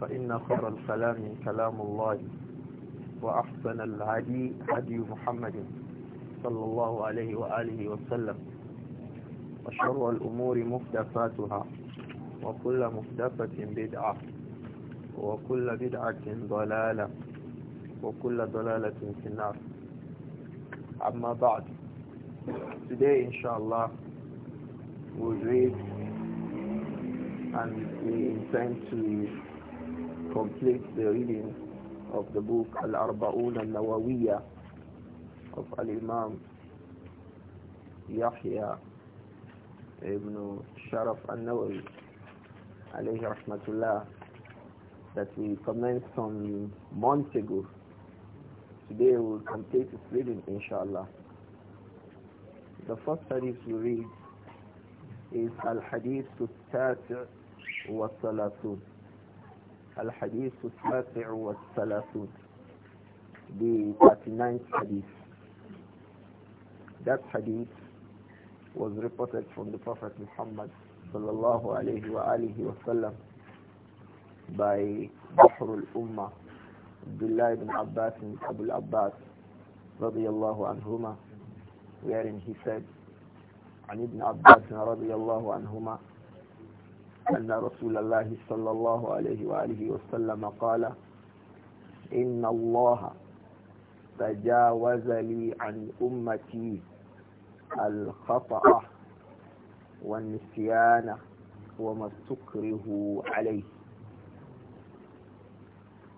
فإن خير الكلام كلام الله وأحسن الهدي هدي محمد صلى الله عليه وآله وسلم وشر الأمور محدثاتها وكل محدثة بدعة وكل بدعة ضلالة وكل ضلالة في النار أما بعد Today inshallah we'll read and we intend to complete the reading of the book Al-Arba'un Al-Nawawiyya of Al-Imam Yahya ibn Sharaf Al-Nawawi alayhi rahmatullah that we commenced some months ago. Today we will complete the reading inshallah. The first hadith we read is Al-Hadith Al-Tati' wa Salatun Al-Hadith Al-Sasi'u Wal-Salasun the 39th Hadith that Hadith was reported from the Prophet Muhammad sallallahu alayhi wa alihi wa sallam by Bahrul umma Abdullah ibn Abbas and Abu Abbas radiyallahu anhuma wherein he said عن ابن عباس رضي الله عنهما أن رسول الله صلى الله عليه وآله وسلم قال إن الله تجاوز لي عن أمتي الخطأ والنسيان وما تكره عليه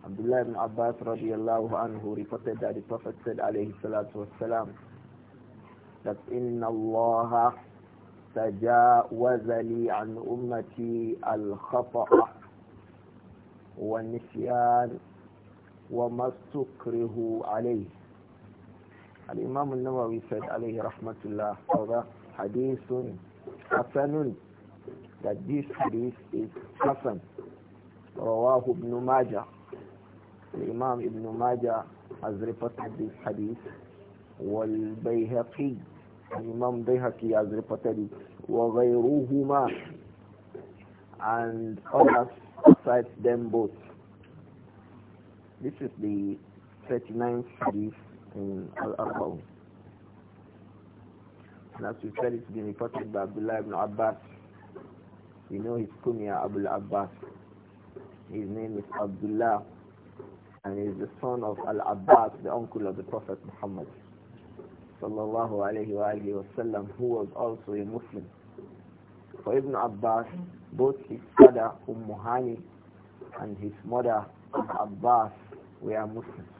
عبد الله بن عباس رضي الله عنه رفضت ذلك عليه الصلاة والسلام that in Allah تجاوز لي عن أمتي الخطأ والنسيان وما استكره عليه الإمام النووي said عليه رحمة الله هذا حديث حسن that this hadith is حسن رواه ابن ماجه الإمام ابن ماجه has reported this hadith والبيهقي Imam Bayhaqi has reported it, وَغَيْرُهُمَا And others besides them both. This is the 39th hadith in Al-Arba'un. And as we said, it's been reported by Abdullah ibn Abbas. You know his kunya, Abu Abbas. His name is Abdullah and he is the son of Al-Abbas, the uncle of the Prophet Muhammad sallallahu alayhi wa sallam who was also a Muslim. For Ibn Abbas, both his father Umm Hani and his mother umm Abbas were Muslims.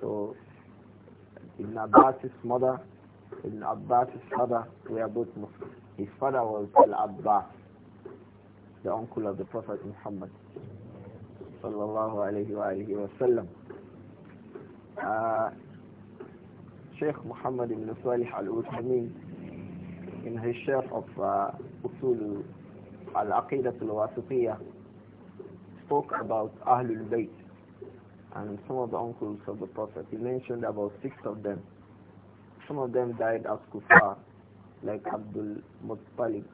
So Ibn Abbas's mother, Ibn Abbas's father were both Muslims. His father was Al-Abbas, the uncle of the Prophet Muhammad sallallahu alayhi wa sallam. Uh, Sheikh Muhammad ibn Salih al-Uthamin in his share of uh, Usul al-Aqidah al-Wasitiyah spoke about Ahlul Bayt and some of the uncles of the Prophet. He mentioned about six of them. Some of them died as kuffar, like Abdul Muttalib,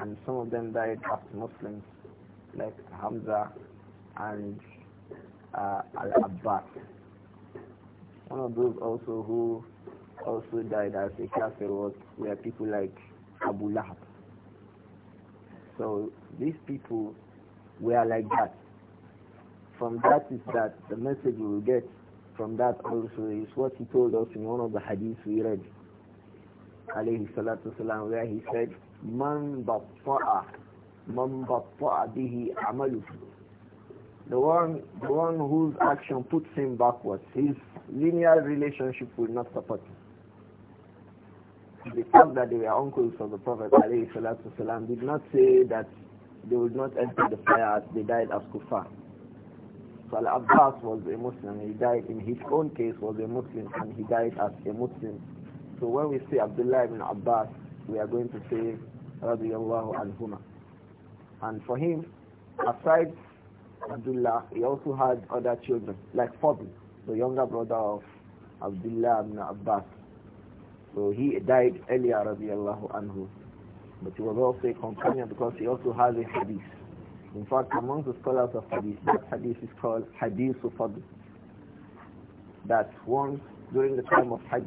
and some of them died as Muslims, like Hamza and uh, Al-Abbas. One of those also who also died as a kafir was were people like Abu Lahab. So these people were like that. From that is that the message we will get from that also is what he told us in one of the hadiths we read. Alayhi salatu salam, where he said, Man batta'a, man batta'a bihi amaluhu the one, the one whose action puts him backwards, his linear relationship will not support him. The fact that they were uncles of the Prophet والسلام, did not say that they would not enter the fire as they died as kuffar. So Al-Abbas was a Muslim, he died in his own case was a Muslim and he died as a Muslim. So when we say Abdullah ibn Abbas, we are going to say radiallahu anhuma. And for him, aside Abdullah, he also had other children, like Fadl, the younger brother of Abdullah ibn Abbas. So he died earlier, radiallahu anhu. But he was also a companion because he also has a hadith. In fact, among the scholars of hadith, that hadith is called Hadith of Fadl. That once during the time of Hajj,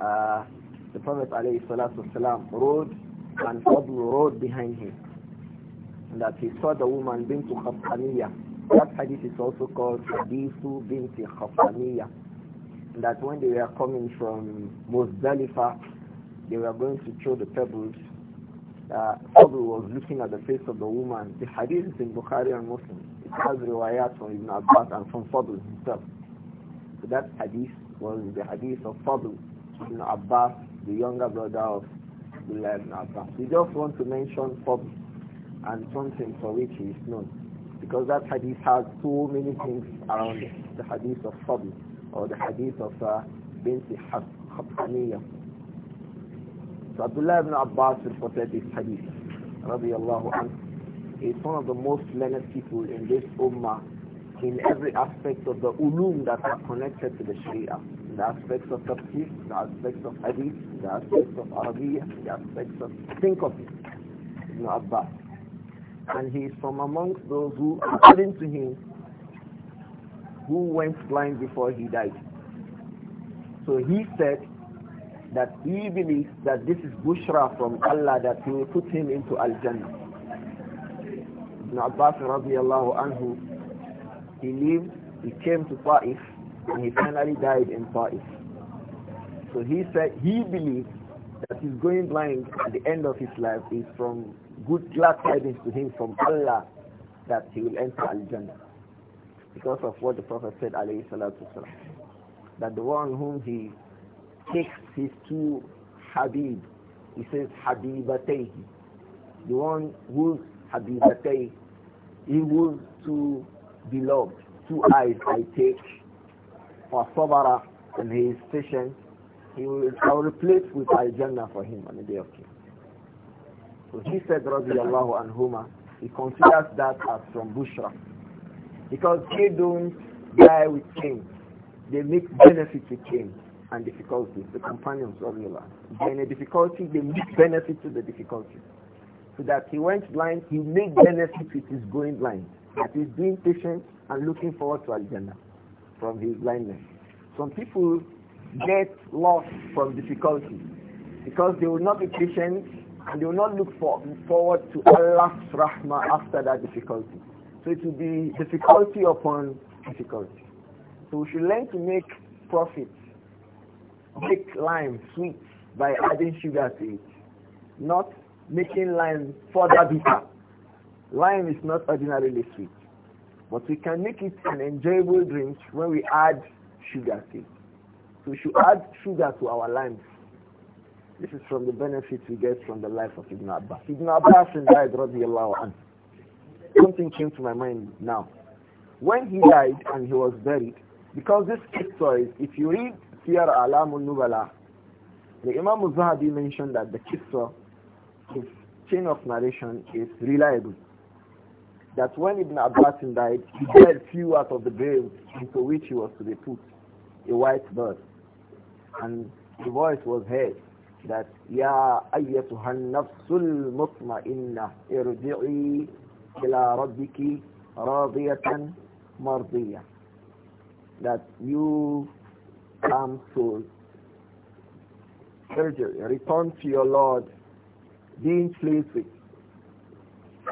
uh, the Prophet ﷺ rode and Fadl rode behind him that he saw the woman Bintu Khafaniya. That hadith is also called Hadithu Binti Khafaniya. That when they were coming from Muzdalifah, they were going to throw the pebbles. Uh, was looking at the face of the woman. The hadith is in Bukhari and Muslim. It has riwayat from Ibn Abbas and from Fadl himself. So that hadith was the hadith of Fadl Ibn Abbas, the younger brother of Abdullah Ibn Abbas. We just want to mention Fadl and something for which he is known. Because that hadith has so many things around it. The hadith of Sabi or the hadith of uh, Binti Habsaniyah. So Abdullah ibn Abbas reported this hadith. Radiallahu anhu. is one of the most learned people in this ummah in every aspect of the ulum that are connected to the Sharia. The aspects of tafsir, the aspects of hadith, the aspects of Arabiya, the aspects of... Think of it, Ibn Abbas and he is from amongst those who, according to him, who went blind before he died. So he said that he believes that this is bushra from Allah that he will put him into Al-Jannah. Ibn Abbas radiallahu anhu, he lived, he came to Ta'if, and he finally died in Ta'if. So he said he believes that he's going blind at the end of his life is from good glad tidings to him from Allah that he will enter Al-Jannah because of what the Prophet said alayhi that the one whom he takes his two Habib, he says Habibatayhi, the one whose Habibatayhi, he to be loved two eyes I take, for sabara and his is patient, he will, I will replace with Al-Jannah for him on the day of Qiyamah. So he said, radiallahu anhuma, he considers that as from Bushra. Because they don't die with change. They make benefit with change and difficulties, the companions of Allah, in a difficulty, they make benefit to the difficulty. So that he went blind, he made benefit with his going blind. That is being patient and looking forward to Al-Jannah from his blindness. Some people get lost from difficulty because they will not be patient and they will not look for, forward to Allah's rahmah after that difficulty. So it will be difficulty upon difficulty. So we should learn to make profit, make lime sweet by adding sugar to it, not making lime further bitter. Lime is not ordinarily sweet, but we can make it an enjoyable drink when we add sugar to it. So we should add sugar to our limes this is from the benefits we get from the life of Ibn Abbas. Ibn Abbas died, radiallahu anhu. Something came to my mind now. When he died and he was buried, because this qissa if you read Siyar Alamul Nubala, the Imam al-Zahabi mentioned that the qissa, his chain of narration is reliable. That when Ibn Abbas died, he died few out of the grave into which he was to be put, a white bird. And the voice was heard that Ya أيتها Nafsul المطمئنة ارجعي إلى Rabbiki راضية مرضية that you come to ارجعي return to your Lord being pleased with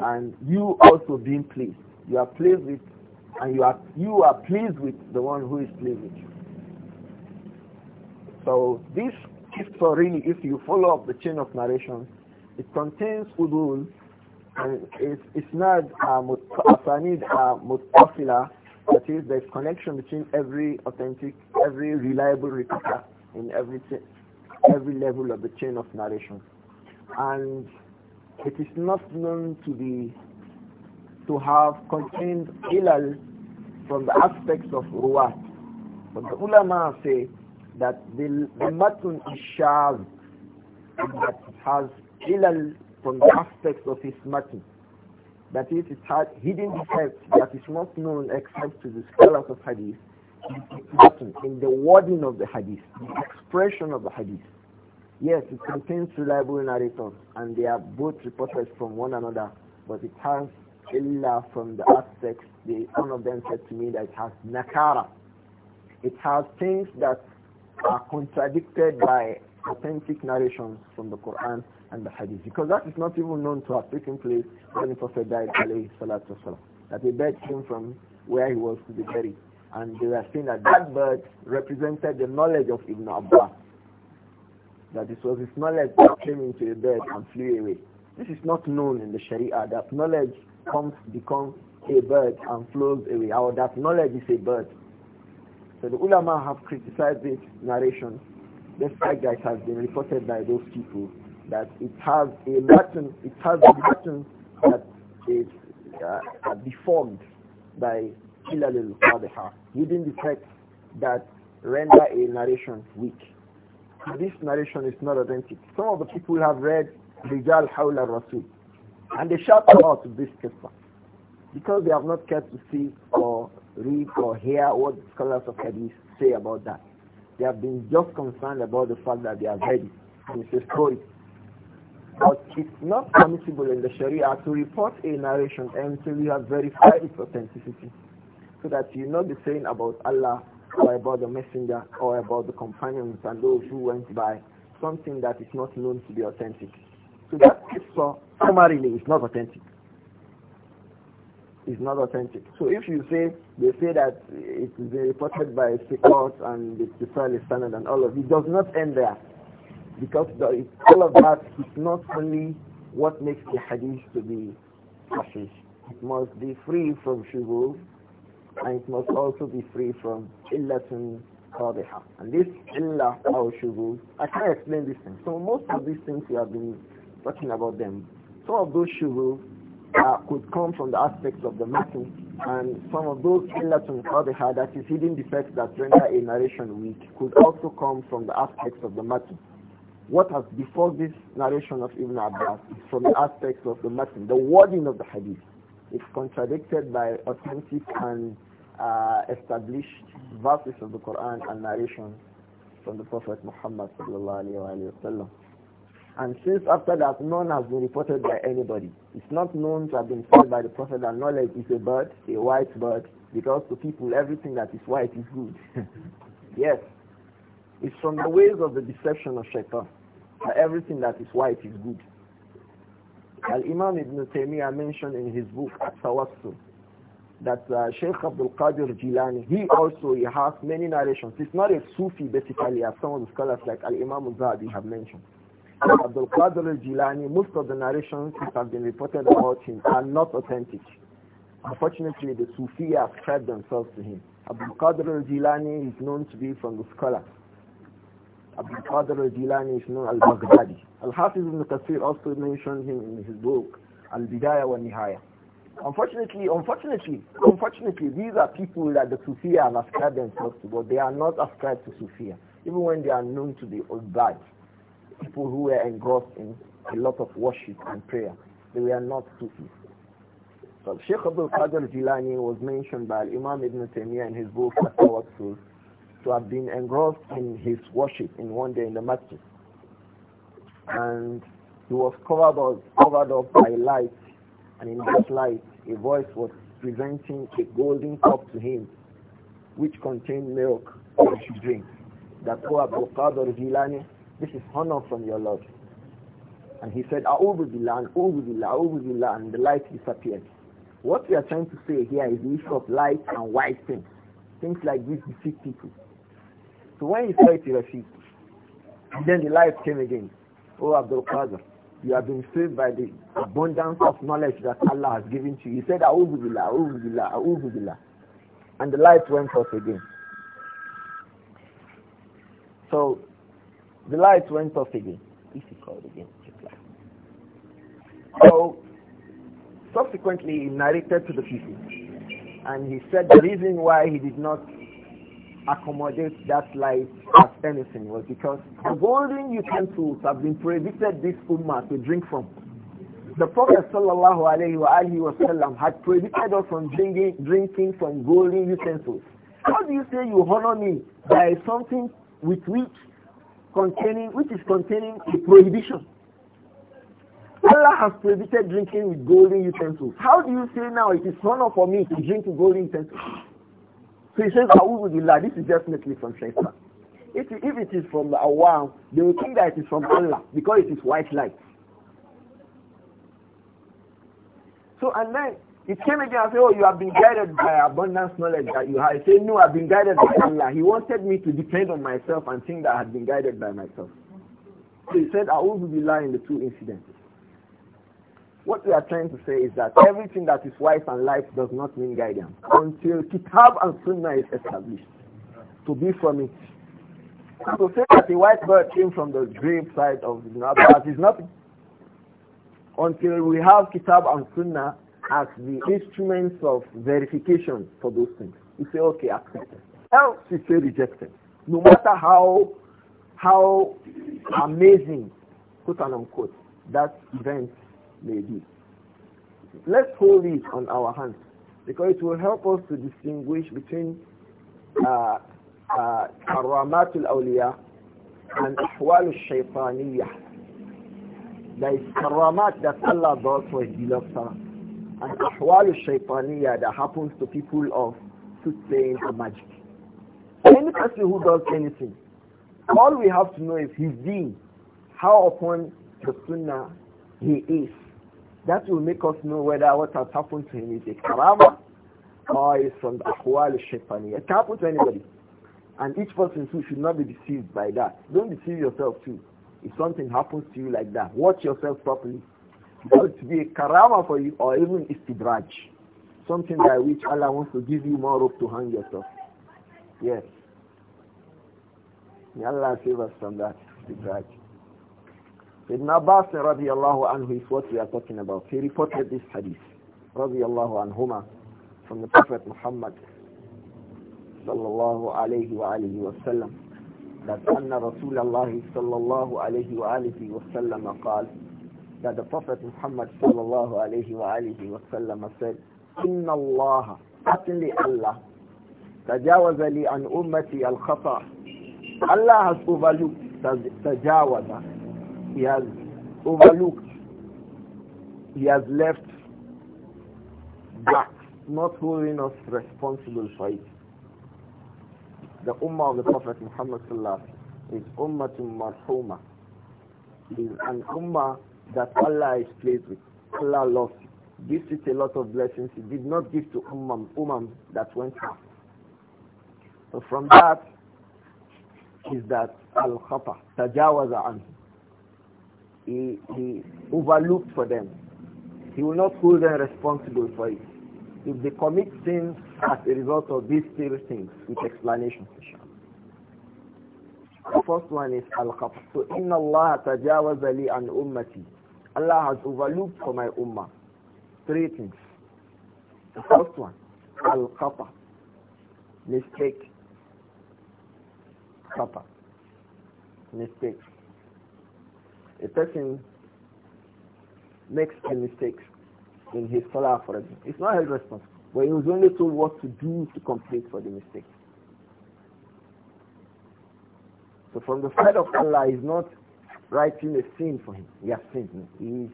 and you also being pleased you are pleased with and you are you are pleased with the one who is pleased with you so this if so really, if you follow up the chain of narration, it contains udul and it's, it's not uh, asanid uh, mutafila, that is there's connection between every authentic, every reliable reporter in every every level of the chain of narration, and it is not known to be to have contained ilal from the aspects of ruwat. But the ulama say that the, the matn is shaz, that has ilal from the aspects of his matn. That is, it has hidden defects that is not known except to the scholars of hadith in the wording of the hadith, the expression of the hadith. Yes, it contains reliable narrators and they are both reported from one another, but it has illa from the aspects. one of them said to me that it has nakara. It has things that are contradicted by authentic narrations from the Quran and the Hadith. Because that is not even known to have taken place when the Prophet died, alayhi salatu wasalam. That a bird came from where he was to be buried. And they were saying that that bird represented the knowledge of Ibn Abbas. That this was his knowledge that came into a bird and flew away. This is not known in the Sharia, that knowledge comes, becomes a bird and flows away, or that knowledge is a bird so the ulama have criticized this narration, fact that it has been reported by those people that it has a pattern, it has a pattern that is uh, uh, deformed by Hilal al-Qadiha, within the text that render a narration weak. This narration is not authentic. Some of the people have read Rijal Hawla Rasul and they shout out this kisah because they have not cared to see or read or hear what the scholars of hadith say about that. They have been just concerned about the fact that they have heard it. It's a story. But it's not permissible in the Sharia to report a narration until you have verified its authenticity. So that you know the saying about Allah or about the messenger or about the companions and those who went by something that is not known to be authentic. So that is so summarily is not authentic is not authentic. So if you say, they say that it is reported by Sikot and the Israeli standard and all of it, does not end there. Because the, all of that is not only what makes the hadith to be sahih. It must be free from shubul and it must also be free from illatun qadiha. And this illa or shubul, I can't explain this thing. So most of these things we have been talking about them. Some of those shubul uh, could come from the aspects of the matter, and some of those illatun qadiha that is hidden defects that render a narration weak could also come from the aspects of the matter. What has before this narration of Ibn Abbas is from the aspects of the matter, the wording of the hadith. It's contradicted by authentic and uh, established verses of the Quran and narration from the Prophet Muhammad sallallahu alaihi wasallam. And since after that, none has been reported by anybody. It's not known to have been said by the Prophet that knowledge is a bird, a white bird, because to people, everything that is white is good. yes. It's from the ways of the deception of shaitan that everything that is white is good. Al-Imam Ibn Taymiyyah mentioned in his book, At-Tawassul, that uh, Sheikh Abdul Qadir Jilani, he also he has many narrations. It's not a Sufi basically, as some of the scholars like Al-Imam al have mentioned. Abdul Qadir Jilani, most of the narrations that have been reported about him are not authentic. Unfortunately, the Sufi ascribed themselves to him. Abdul Qadir Jilani is known to be from the scholars. Abdul Qadir Jilani is known as Baghdadi. Al-Hafiz ibn Qasir also mentioned him in his book, Al-Bidayah wa Nihaya. Unfortunately, unfortunately, unfortunately, these are people that the Sufi have ascribed themselves to, but they are not ascribed to Sufi, even when they are known to be bad people who were engrossed in a lot of worship and prayer. They were not Sufis. So Sheikh Abdul Qadir Jilani was mentioned by Imam Ibn Taymiyyah in his book Tawassul to have been engrossed in his worship in one day in the masjid. And he was covered up, covered up by light, and in that light a voice was presenting a golden cup to him, which contained milk that he drank. That Abu Qadir Jilani this is honor from your Lord. And he said, A'udhu billah, and billah, A'udhu billah, and the light disappeared. What we are trying to say here is the issue of light and white things. Things like this deceive people. So when he saw it, he refused. then the light came again. Oh, Abdul Qadir, you have been saved by the abundance of knowledge that Allah has given to you. He said, A'udhu billah, A'udhu billah, A'udhu billah. And the light went off again. So the light went off again. If he called again, So, subsequently, he narrated to the people. And he said the reason why he did not accommodate that light as anything was because the golden utensils have been prohibited this ummah to drink from. The Prophet sallallahu alaihi wasallam had prohibited us from drinking, drinking from golden utensils. How do you say you honor me by something with which containing which is containing a prohibition. Allah has prohibited drinking with golden utensils. How do you say now it is honor for me to drink with golden utensils? So he says, Billah, this is definitely from Shaitan. If, if it is from the Awam, they will think that it is from Allah because it is white light. So and then it came again and said, oh, you have been guided by abundance knowledge that you have. I said, no, I've been guided by Allah. He wanted me to depend on myself and think that I had been guided by myself. So he said, I will be lying in the two incidents. What we are trying to say is that everything that is wise and life does not mean guidance until Kitab and Sunnah is established to be from it. To say that the white bird came from the grave side of the Abbas is nothing. Until we have Kitab and Sunnah as the instruments of verification for those things. You say, okay, accepted. Else you say rejected. No matter how how amazing, quote and unquote, that event may be. Let's hold it on our hands because it will help us to distinguish between uh, uh, awliya and ahwal shaytaniyah. There is karamat that Allah does for his beloved and ahwal shaytaniyah that happens to people of soothsaying and magic. Any person who does anything, all we have to know is his deen, how upon the sunnah he is. That will make us know whether what has happened to him is a karama or is from the ahwal shaytaniyah. It can happen to anybody. And each person too should not be deceived by that. Don't deceive yourself too. If something happens to you like that, watch yourself properly going to be karama for you or even istidraj. Something by which Allah wants to give you more rope to hang yourself. Yes. May Allah save us from that istidraj. Ibn Abbas radiallahu anhu is what we are talking about. He reported this hadith radiallahu anhuma from the Prophet Muhammad sallallahu alayhi wa alihi wa sallam that anna Rasulullah sallallahu alayhi wa alihi wa sallam قال that the Prophet Muhammad sallallahu alayhi wa alihi wa sallam said, Inna Allah, Certainly Allah tajawaza li an ummati al-khata. Allah has overlooked tajawaza. He has overlooked He has left back not holding us responsible for it. The Ummah of the Prophet Muhammad sallallahu alayhi wa sallam is Ummatun Marhumah is an ummah that Allah is pleased with. Allah loves you. Gives it a lot of blessings he did not give to Ummam, Umam that went past. So from that is that Al-Khata, Tajawaza He, he overlooked for them. He will not hold them responsible for it. If they commit sins as a result of these three things, with explanation. The first one is Al-Khata. So, Inna Allah Tajawaza li an Ummati. Allah has overlooked for my ummah three things. The first one, al-khata, mistake. Khata, mistake. A person makes a mistake in his salah, for example. It's not his responsibility. but he was only told what to do to complete for the mistake. So from the side of Allah is not writing a sin for him. He has sinned. He,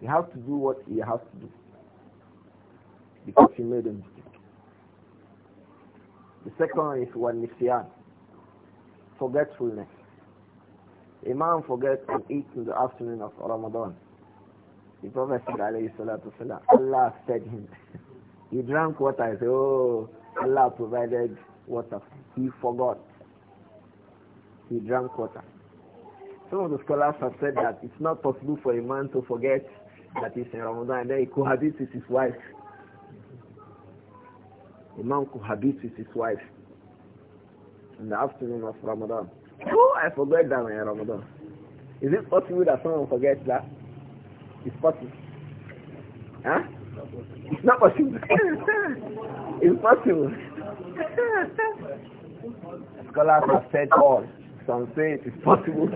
he has to do what he has to do because he made a mistake. The second is wanisian, forgetfulness. A man forgets and eats in the afternoon of Ramadan. The Prophet said, alayhi Allah fed him. he drank water. I said, oh, Allah provided water. He forgot. He drank water. Some of the scholars have said that it's not possible for a man to forget that he's in Ramadan and then he cohabits with his wife. A man cohabits with his wife in the afternoon of Ramadan. Oh, I forget that in Ramadan. Is it possible that someone forgets that? It's possible. Huh? It's not possible. it's possible. Scholars have said all. Some say it is possible,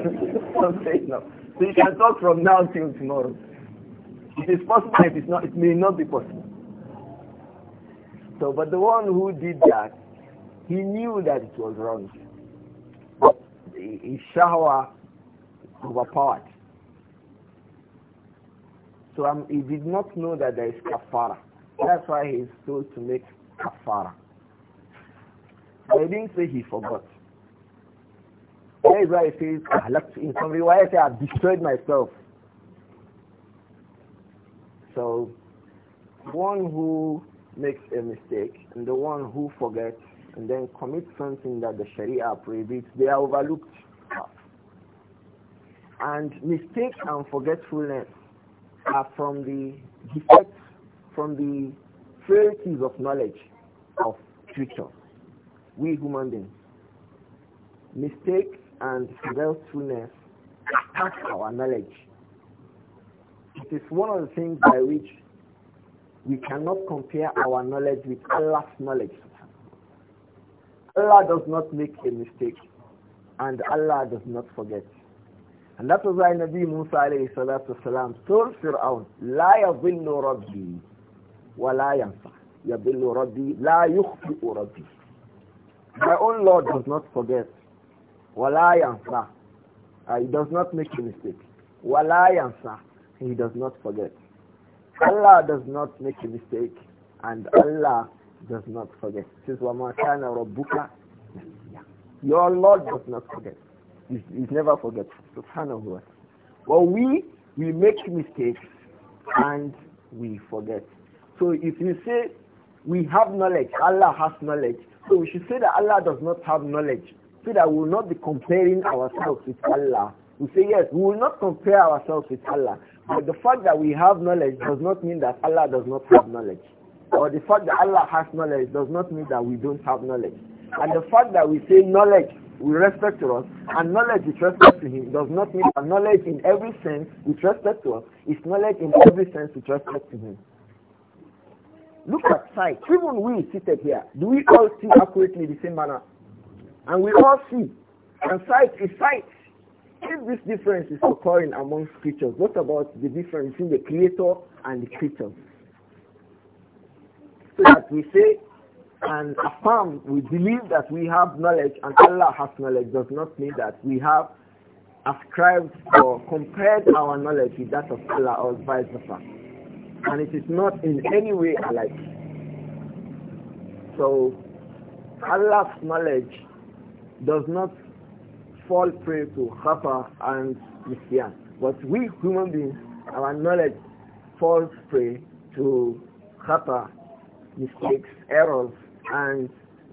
some say no. So you can talk from now till tomorrow. It is possible, it is not, it may not be possible. So, but the one who did that, he knew that it was wrong. But his shahwa overpowered. So um, he did not know that there is kafara. That's why he is told to make kafara. But he didn't say he forgot. That is why it says, ahlaktu in some riwayat, I have destroyed myself. So, one who makes a mistake and the one who forgets and then commits something that the Sharia prohibits, they are overlooked. And mistake and forgetfulness are from the defects, from the frailties of knowledge of creatures, we human beings. Mistake and forgetfulness attack our knowledge. It is one of the things by which we cannot compare our knowledge with Allah's knowledge. Allah does not make a mistake and Allah does not forget. And that was why Nabi Musa alayhi salatu wasalam told Fir'aun, La yadhillu rabbi wa la yanfa. Yadhillu rabbi la yukhfi'u rabbi. My own Lord does not forget Wala yansa. Ah, he does not make a mistake. Wala yansa. He does not forget. Allah does not make a mistake and Allah does not forget. This Wama Kana Rabbuka. Your Lord does not forget. He he's never forgets. Subhanahu wa Well, we, we make mistakes and we forget. So if you say we have knowledge, Allah has knowledge, so we should say that Allah does not have knowledge so that we will not be comparing ourselves with Allah. We say, yes, we will not compare ourselves with Allah. But the fact that we have knowledge does not mean that Allah does not have knowledge. Or the fact that Allah has knowledge does not mean that we don't have knowledge. And the fact that we say knowledge with respect to us and knowledge with respect to him does not mean that knowledge in every sense with respect to us is knowledge in every sense with respect to him. Look at sight. Even we seated here, do we all see accurately the same manner? And we all see. And sight is sight. If this difference is occurring amongst creatures, what about the difference between the creator and the creature? So that we say and affirm, we believe that we have knowledge and Allah has knowledge does not mean that we have ascribed or compared our knowledge with that of Allah or vice versa. And it is not in any way alike. So Allah's knowledge does not fall prey to khata and nisyan. But we human beings, our knowledge falls prey to khata, mistakes, errors, and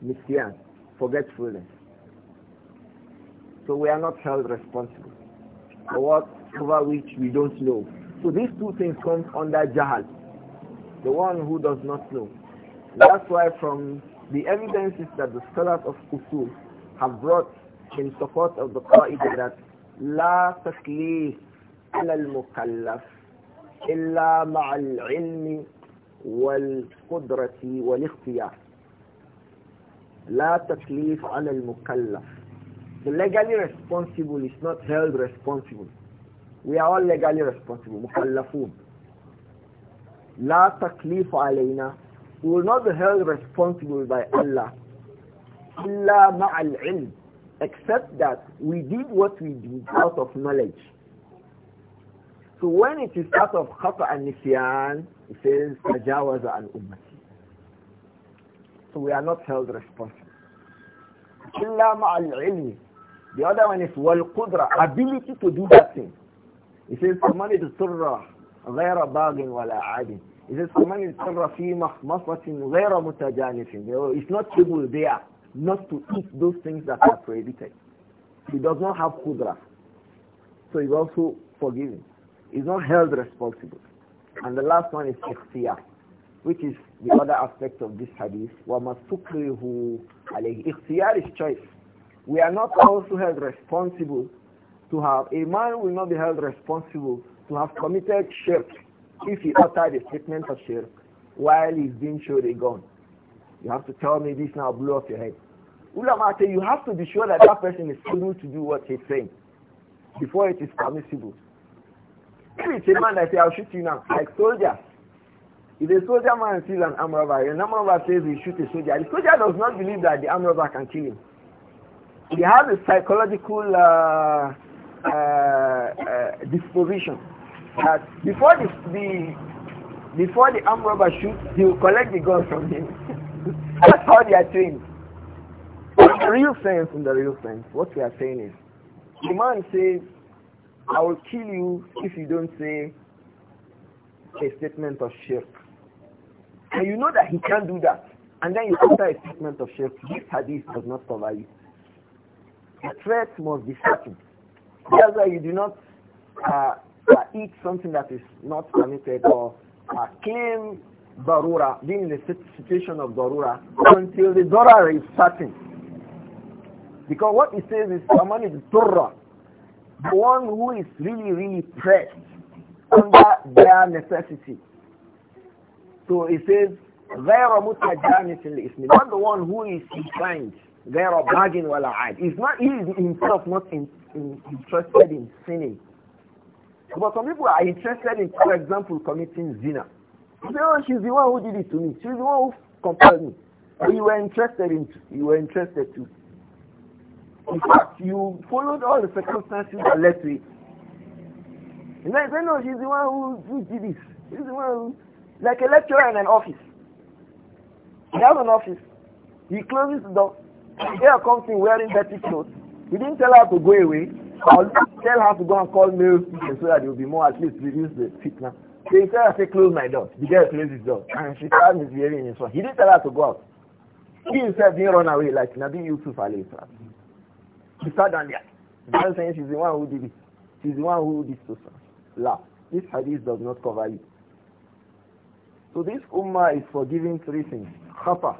nisyan, forgetfulness. So we are not held responsible for what over which we don't know. So these two things come under jahal, the one who does not know. That's why from the evidences that the scholars of usul have brought in support of the qaida that لا تكليف على المكلف إلا مع العلم والقدرة والاختيار لا تكليف على المكلف The legally responsible is not held responsible. We are all legally responsible. مكلفون. لا تكليف علينا. We will not be held responsible by Allah illa ma'al ilm except that we did what we did out of knowledge so when it is out of khata and nisyan it says tajawaza al ummati so we are not held responsible illa ma'al ilm the other one is wal qudra ability to do that thing it says somebody to turra غير باغ ولا عادٍ إذا فمن اضطر في مخمصة غير متجانف it's not able there not to eat those things that are prohibited. He does not have kudra. So he's also forgiven. He's not held responsible. And the last one is ikhtiyar, which is the other aspect of this hadith. وَمَسْتُقْرِهُ عَلَيْهِ Ikhtiyar is choice. We are not also held responsible to have, a man will not be held responsible to have committed shirk if he uttered a statement of shirk while he's being showed a gun. You have to tell me this now, blow off your head. Ulama say you have to be sure that that person is able to do what he's saying before it is permissible. If it's a man that say, I'll shoot you now, like soldiers. If a soldier man sees an arm robber, an arm robber says he shoot a soldier, the soldier does not believe that the arm robber can kill him. He has a psychological uh, uh, uh, disposition that before the, the before the arm robber shoots, he will collect the gun from him. That's how they are trained the real sense, in the real sense, what we are saying is, the man says, I will kill you if you don't say a statement of shirk. And you know that he can't do that. And then you utter a statement of shirk. This hadith does not cover you. The threat must be certain. That's why you do not uh, uh, eat something that is not permitted or uh, claim darura, being in the situation of darura, until the darura is certain. Because what he says is someone is turra, the one who is really, really pressed under their necessity. So he says, غَيْرَ مُتَجَانِسٍ الْإِسْمِ Not the one who is inclined, غَيْرَ بَاغٍ وَلَا عَيْدٍ It's not, he is himself not in, in, interested in sinning. But some people are interested in, for example, committing zina. You say, oh, she's the one who did it to me. She's the one who compelled me. you were interested in, you were interested too. In fact, you followed all the circumstances that led to it. And then say, no, she's the one who, who did this. She's the one who, like a lecturer in an office. He has an office. He closes the door. Here comes in wearing dirty clothes. He didn't tell her to go away. I'll tell her to go and call male students so that there will be more, at least reduce the fitna. So he said, I say, close my door. The girl closed his door. And she started misbehaving in his front. He didn't tell her to go out. He himself didn't run away like Nabi Yusuf alayhi deeper than that. The Bible saying she's the one who did it. She's the one who did so. La. This hadith does not cover you. So this ummah is forgiving three things. Khata,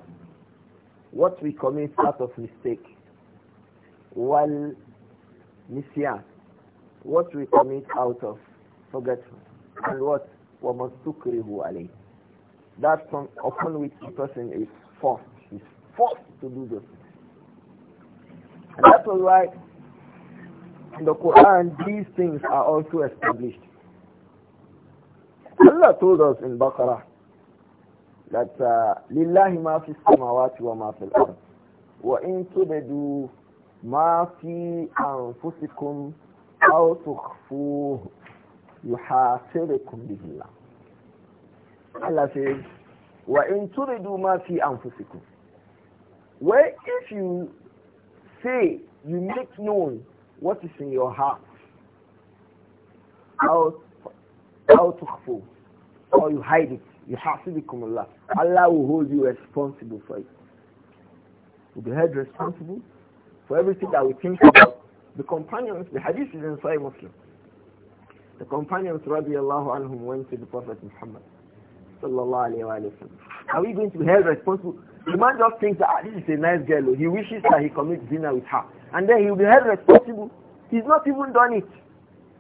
what we commit out of mistake. Wal nisyan, what we commit out of forgetfulness. And what wamastukrihu alayh. That's upon which a person is forced, is forced to do those things was why in the Quran these things are also established. Allah told us in Baqarah that لِلَّهِ مَا فِي السَّمَاوَاتِ وَمَا فِي الْأَرْضِ وَإِن تُبْدُوا مَا فِي أَنفُسِكُمْ أَوْ تُخْفُوهُ يُحَاسِبْكُم بِهِ اللَّهُ Allah says وَإِن تُبْدُوا مَا فِي أَنفُسِكُمْ Where if you say, you make known what is in your heart. How to or you hide it. You have to become Allah. Allah will hold you responsible for it. You'll be held responsible for everything that we think about. The companions, the hadith is in Sahih Muslim. The companions, radiallahu anhum, went to the Prophet Muhammad. Sallallahu alayhi wa Are we going to be held responsible? The man just thinks that ah, this is a nice girl. Oh. He wishes that he commit dinner with her. And then he will be held responsible. He's not even done it.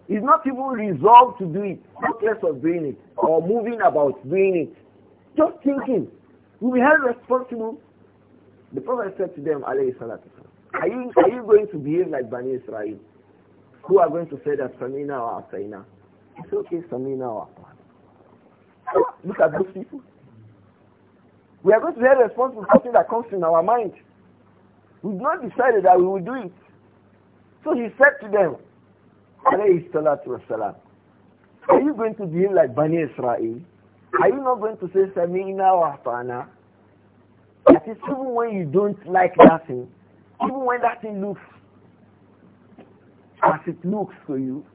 He's not even resolved to do it, not less of doing it, or moving about doing it. Just thinking. will be held responsible. The Prophet said to them, alayhi are you, are you going to behave like Bani Israel? Who are going to say that Samina or Asaina? It's okay, Samina or Look at those people. We are going to be held responsible for something that comes in our mind. We've not decided that we will do it. So he said to them, alayhi salatu wasalam, are you going to behave like Bani Israel? Are you not going to say Samina wa Ahtana? That is even when you don't like that thing, even when that thing looks as it looks to you,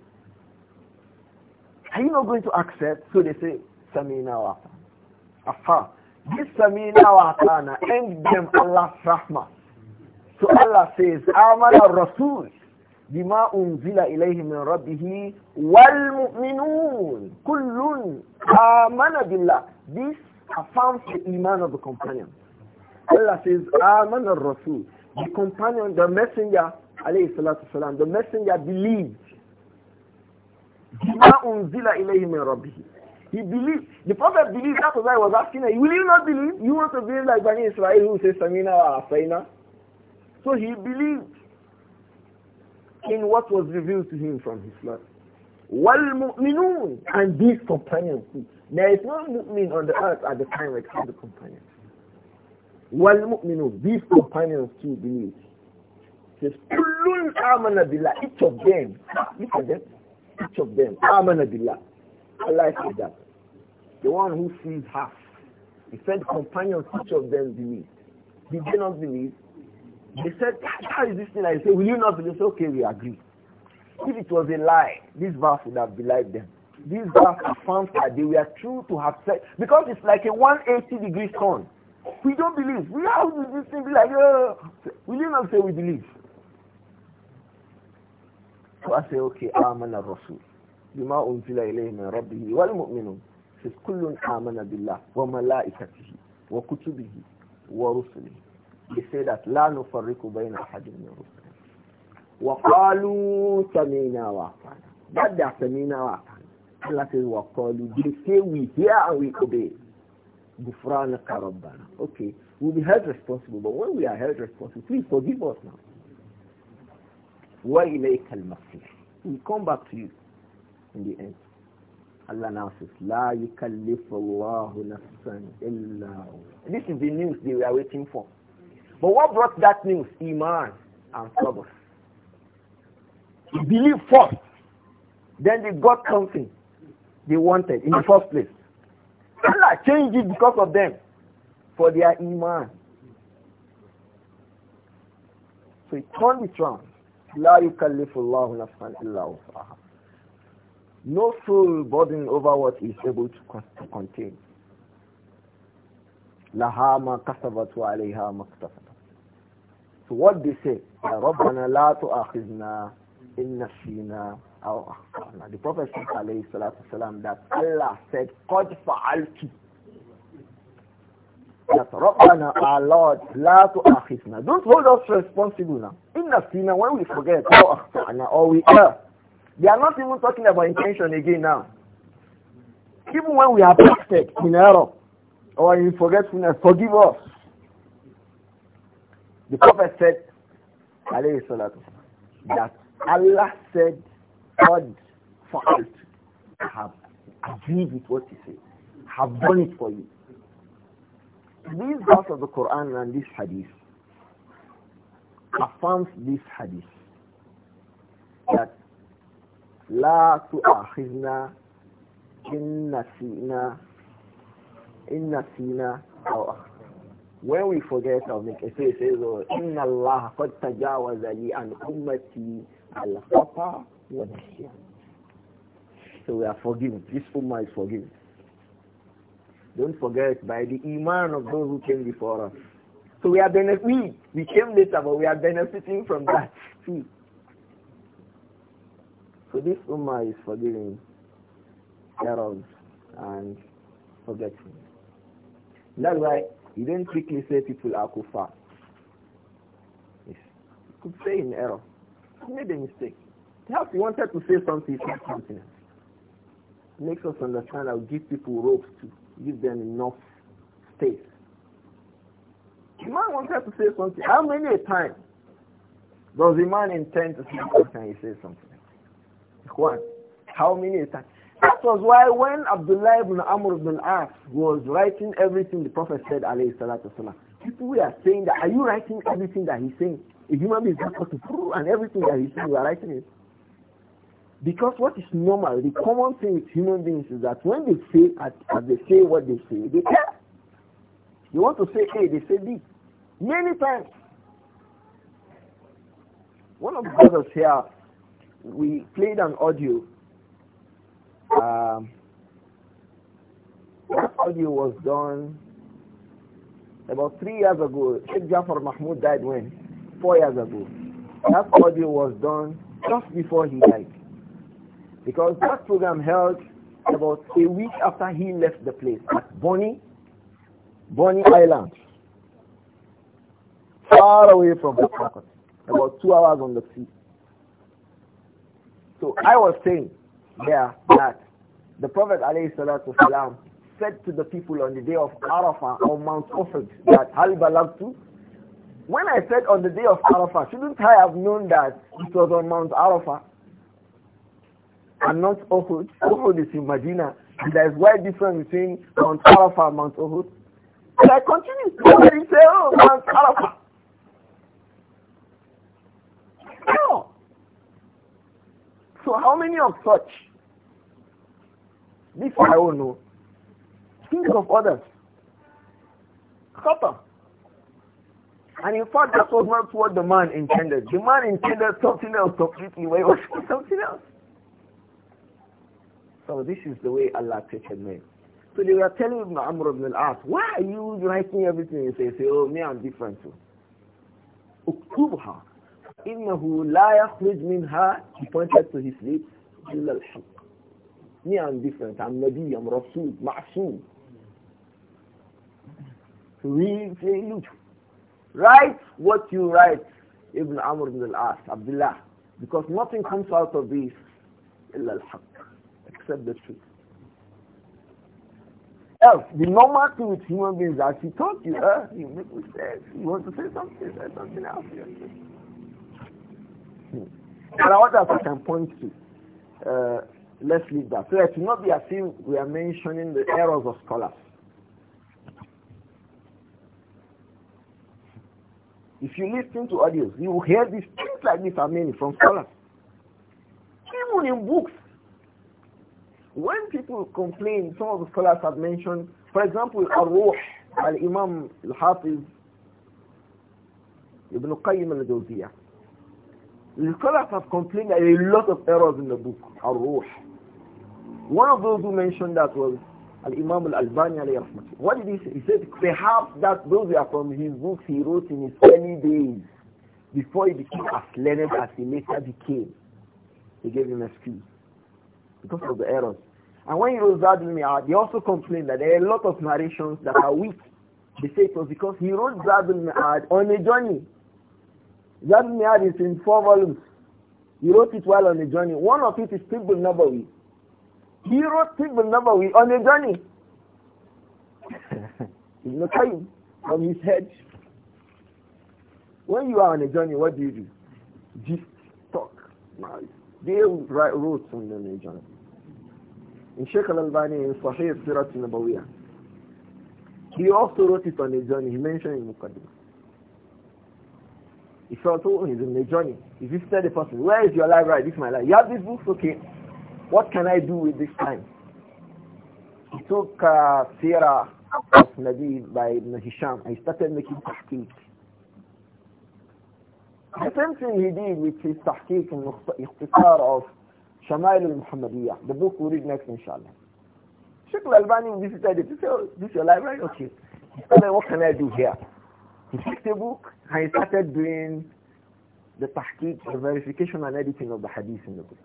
are you not going to accept? So they say Samina wa Ahtana. This Samina wa Atana, end them Allah's rahmah. So Allah says, Amana Rasul bima unzila ilayhi min rabbihi wal mu'minun kullun amana billah. This affirms the iman of the companion. Allah says, Amana Rasul. The companion, the messenger, alayhi salatu salam, the messenger believed. Bima unzila ilayhi min rabbihi he believed. The prophet believed. That was why I was asking him, will you not believe? You want to believe like Bani Israel who says Samina or Asaina? So he believed in what was revealed to him from his Lord. Muminun And these companions. There is no mu'min on the earth at the time except the companions. Muminun, These companions too believed. says, كُلٌّ آمَنَ بِاللَّهِ Each of them, each of them, each of them, آمَنَ بِاللَّهِ Allah said that the one who sees half. He said, companions, each of them believe. Did they not believe? They said, how is this thing? I said, will you not believe? Said, okay, we agree. If it was a lie, this verse would have belied them. This verse affirms that they were true to have said, because it's like a 180 degree turn. We don't believe. We how did this thing be like? oh, will you not say we believe? So I say, okay, Amen Rasul. بما أنزل إليه من ربه والمؤمنون says kullun amana billah wa malaikatihi wa kutubihi wa rusulihi they say that la nufarriqu bayna ahadin min rusulihi wa qalu samina wa ata'na that they are samina wa ata'na Allah says wa qalu they say we hear and we obey ghufranaka rabbana okay we'll be held responsible but when we are held responsible please forgive us now wa ilayka al-masir we come back to you in the end Allah now La yukallifullahu nafsan illa This is the news they were waiting for. But what brought that news? Iman and They Believe first. Then they got something they wanted in the first place. Allah changed it because of them, for their iman. So he turned it around. لا يكلف الله نفسا إلا for. No soul burden over what what is able to, to contain. لها ما كسبت وعليها ما اكتسبت. So what they say, يا ربنا la تؤاخذنا إن نسينا أو أخطأنا. The Prophet said عليه الصلاة والسلام that Allah said قد فعلت that Rabbana, our Lord, la tu'akhizna. Don't hold us responsible now. Inna shina when we forget, or we err. They are not even talking about intention again now. Even when we are perfect in error or in forgetfulness, forgive us. The Prophet said, that Allah said, God for us. I have agreed with what he said. I have done it for you. These verses of the Quran and this hadith affirms this hadith that لا تؤاخذنا إن نسينا إن نسينا أو when we forget or make a it says oh inna allah qad tajawaza li an ummati al khata wa nisyan so we are forgiven this ummah is forgiven don't forget by the iman of those who came before us so we are benefit we came later but we are benefiting from that too so this Ummah is forgiving errors and forgetful. That's why he did not quickly say people are kuffar. He could say in error. You made a mistake. Perhaps he wanted to say something, something else. It makes us understand I'll give people ropes to give them enough space. The man wanted to say something. How many a time does the man intend to say something and he says something? Ikhwan. How many is that? That was why when Abdullah ibn Amr ibn As was writing everything the Prophet said, alayhi salatu wasalam, people were saying that, are you writing everything that he's saying? A human being is not to prove and everything that he's saying, you are writing it. Because what is normal, the common thing with human beings is that when they say, as, as they say what they say, they care. You want to say A, they say B. Many times. One of the brothers here we played an audio. Um, that audio was done about three years ago. Sheikh Jafar Mahmoud died when? Four years ago. That audio was done just before he died. Because that program held about a week after he left the place at Bonny, Bonny Island, far away from the About two hours on the sea. So I was saying there that the Prophet والسلام, said to the people on the day of Arafah on Mount Ophid that Hal Balagtu, when I said on the day of Arafah, shouldn't I have known that it was on Mount Arafah and not Uhud? Uhud is in Medina. There is wide difference between Mount Arafah and Mount Uhud. And I continued. he say, oh, Mount Arafah. So how many of such? This I don't know. Think of others. Khata. And in fact, that was not what the man intended. The man intended something else completely, but it was something else. So this is the way Allah treated men. So they were telling Ibn Amr ibn al-As, why are you writing everything? He says, oh, me, I'm different too. Uktubha. إِنَّهُ لَا يَخْرُجْ مِنْهَا He pointed to his lips. إِلَّا الْحَقِّ Me, I'm different. I'm Nabi, I'm Rasul, Ma'asum. Real plain look. Write what you write, Ibn Amr ibn al-As, Abdullah. Because nothing comes out of this, إِلَّا الْحَقِّ Except the truth else. The normal thing with human beings is that he told you, huh? you make mistakes. You want to say something, say something else. Hmm. There are others I can point to. Uh, let's leave that. So it will not be as if we are mentioning the errors of scholars. If you listen to audios, you will hear these things like this are many from scholars. Even in books. When people complain, some of the scholars have mentioned, for example, Al-Ruh, Al-Imam Al-Hafiz, Ibn Qayyim Al-Jawziyah. The scholars have complained that there are a lot of errors in the book, Ar-Ruh. One of those who mentioned that was Al-Imam Al-Albani What did he say? He said perhaps that those were from his books he wrote in his early days before he became as learned as he later became. He gave him an excuse because of the errors. And when he wrote in Mi'ad, he also complained that there are a lot of narrations that are weak. They say it was because he wrote Zadul Mi'ad on a journey. That had is in four volumes. He wrote it while on a journey. One of it is Tibbul Nabawi. He wrote Tibbul Nabawi on a journey. No time from his head. When you are on a journey, what do you do? Just talk. They wrote on the journey. In Sheikh al-Albani in Sahih Sirat Nabawiyah, he also wrote it on a journey. He mentioned in Muqaddimah. He felt, oh, he's in the journey. He visited the person. Where is your library? This is my library. You have these books? Okay. What can I do with this time? He took uh, Sierra of Nabi by Ibn and he started making tahqiq. The same thing he did with his tahqiq and ikhtisar of Shamail al-Muhammadiyah, the book we read next inshallah. Sheikh al-Albani visited it. He said, oh, this is your library? Okay. He said, what can I do here? He picked a book and he started doing the tahqiq, the verification and editing of the hadith in the book,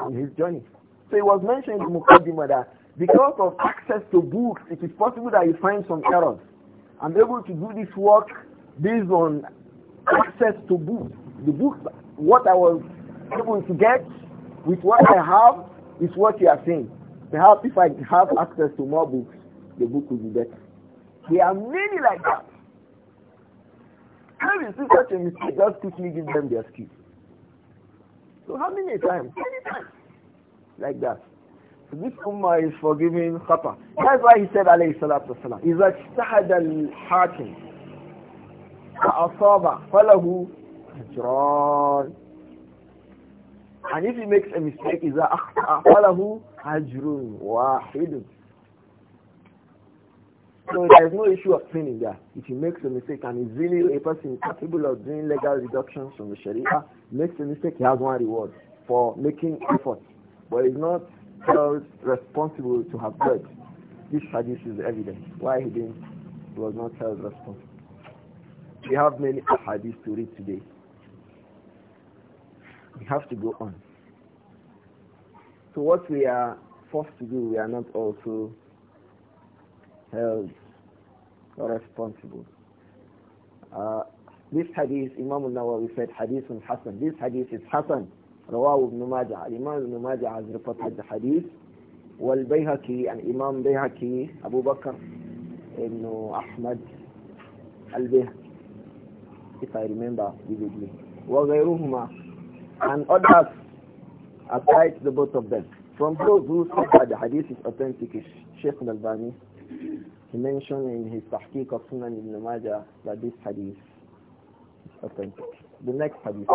on his journey. So he was mentioning in Muqaddimah that because of access to books, it is possible that you find some errors. I'm able to do this work based on access to books. The book, what I was able to get with what I have is what you are saying. Perhaps if I have access to more books, the book will be better. There are many like that. When you see such a mistake, just quickly give them their skill. So how many times? Many times. Like that. So this ummah is forgiving khata. That's why he said alayhi salatu wasalam. إِذَا اجْتَهَدَ الْحَاكِمْ فَأَصَابَ فَلَهُ who? And if he makes a mistake, إِذَا أَخْطَأَ فَلَهُ أَجْرٌ وَاحِدٌ so there is no issue of sinning there. If he makes a mistake and is really a person capable of doing legal reductions from the Sharia, makes a mistake, he has one reward for making effort. But he's not held responsible to have died. This hadith is evidence why he didn't, he was not held responsible. We have many hadiths to read today. We have to go on. So what we are forced to do, we are not also held responsible. Uh, this hadith, Imam al-Nawawi said, hadith on Hassan. This hadith is Hassan. Rawahu ibn Majah. Imam ibn Majah has reported the hadith. Wal Bayhaqi and Imam Bayhaqi, Abu Bakr ibn Ahmad al-Bayhaqi, if I remember vividly. وغيرهما and others aside the both of them. From those who said that the hadith is authentic, is Sheikh al-Bani. He mentioned in his Tahqiq of Sunan ibn Majah that this hadith is authentic. The next hadith,